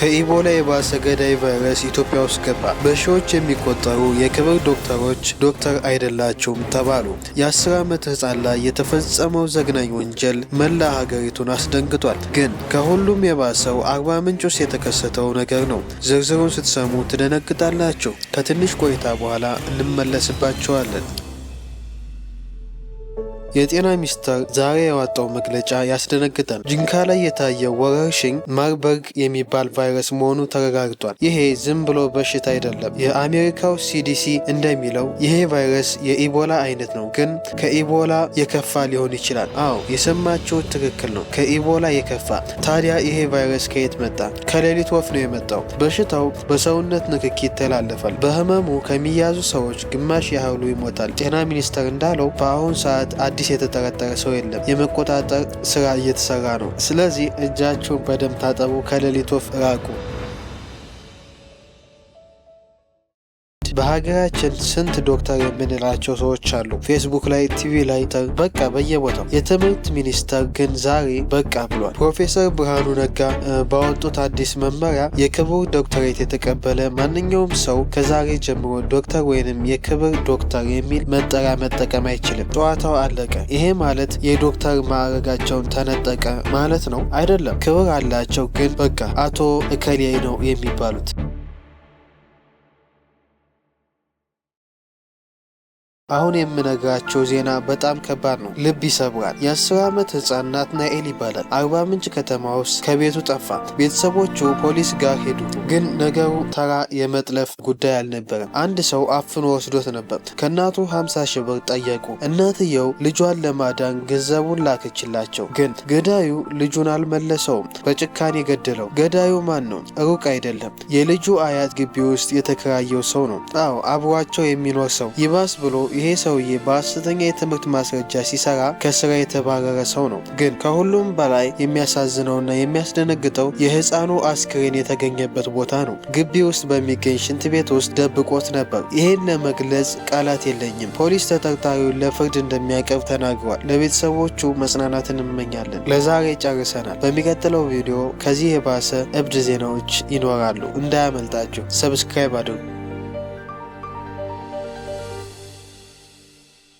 ከኢቦላ የባሰ ገዳይ ቫይረስ ኢትዮጵያ ውስጥ ገባ። በሺዎች የሚቆጠሩ የክብር ዶክተሮች ዶክተር አይደላቸውም ተባሉ። የአስር ዓመት ህፃን ላይ የተፈጸመው ዘግናኝ ወንጀል መላ ሀገሪቱን አስደንግጧል። ግን ከሁሉም የባሰው አርባ ምንጭ ውስጥ የተከሰተው ነገር ነው። ዝርዝሩን ስትሰሙ ትደነግጣላችሁ። ከትንሽ ቆይታ በኋላ እንመለስባቸዋለን። የጤና ሚኒስቴር ዛሬ ያወጣው መግለጫ ያስደነግጣል። ጂንካ ላይ የታየው ወረርሽኝ ማርበርግ የሚባል ቫይረስ መሆኑ ተረጋግጧል። ይሄ ዝም ብሎ በሽታ አይደለም። የአሜሪካው ሲዲሲ እንደሚለው ይሄ ቫይረስ የኢቦላ አይነት ነው፣ ግን ከኢቦላ የከፋ ሊሆን ይችላል። አዎ የሰማችሁ ትክክል ነው፣ ከኢቦላ የከፋ። ታዲያ ይሄ ቫይረስ ከየት መጣ? ከሌሊት ወፍ ነው የመጣው። በሽታው በሰውነት ንክኪ ይተላለፋል። በህመሙ ከሚያዙ ሰዎች ግማሽ ያህሉ ይሞታል። ጤና ሚኒስቴር እንዳለው በአሁኑ ሰዓት አዲስ የተጠረጠረ ሰው የለም። የመቆጣጠር ስራ እየተሰራ ነው። ስለዚህ እጃቸውን በደንብ ታጠቡ፣ ከሌሊት ወፍ ራቁ። በሀገራችን ስንት ዶክተር የምንላቸው ሰዎች አሉ። ፌስቡክ ላይ፣ ቲቪ ላይ በቃ በየቦታው። የትምህርት ሚኒስቴር ግን ዛሬ በቃ ብሏል። ፕሮፌሰር ብርሃኑ ነጋ ባወጡት አዲስ መመሪያ የክብር ዶክተሬት የተቀበለ ማንኛውም ሰው ከዛሬ ጀምሮ ዶክተር ወይንም የክብር ዶክተር የሚል መጠሪያ መጠቀም አይችልም። ጨዋታው አለቀ። ይሄ ማለት የዶክተር ማዕረጋቸውን ተነጠቀ ማለት ነው አይደለም። ክብር አላቸው፣ ግን በቃ አቶ እከሌ ነው የሚባሉት። አሁን የምነግራቸው ዜና በጣም ከባድ ነው፣ ልብ ይሰብራል። የአስር ዓመት ህፃን ናትናኤል ይባላል። አርባ ምንጭ ከተማ ውስጥ ከቤቱ ጠፋ። ቤተሰቦቹ ፖሊስ ጋር ሄዱ፣ ግን ነገሩ ተራ የመጥለፍ ጉዳይ አልነበረም። አንድ ሰው አፍኖ ወስዶት ነበር። ከእናቱ 50 ሺህ ብር ጠየቁ። እናትየው ልጇን ለማዳን ገንዘቡን ላከችላቸው፣ ግን ገዳዩ ልጁን አልመለሰውም። በጭካኔ ገደለው። ገዳዩ ማን ነው? ሩቅ አይደለም። የልጁ አያት ግቢ ውስጥ የተከራየው ሰው ነው። አዎ አብሯቸው የሚኖር ሰው። ይባስ ብሎ ይሄ ሰውዬ በሐሰተኛ የትምህርት ማስረጃ ሲሰራ ከስራ የተባረረ ሰው ነው። ግን ከሁሉም በላይ የሚያሳዝነውና የሚያስደነግጠው የህፃኑ አስክሬን የተገኘበት ቦታ ነው። ግቢ ውስጥ በሚገኝ ሽንት ቤት ውስጥ ደብቆት ነበር። ይሄን ለመግለጽ ቃላት የለኝም። ፖሊስ ተጠርጣሪውን ለፍርድ እንደሚያቀርብ ተናግሯል። ለቤተሰቦቹ መጽናናትን እንመኛለን። ለዛሬ ጨርሰናል። በሚቀጥለው ቪዲዮ ከዚህ የባሰ እብድ ዜናዎች ይኖራሉ። እንዳያመልጣችሁ ሰብስክራይብ አድርጉ።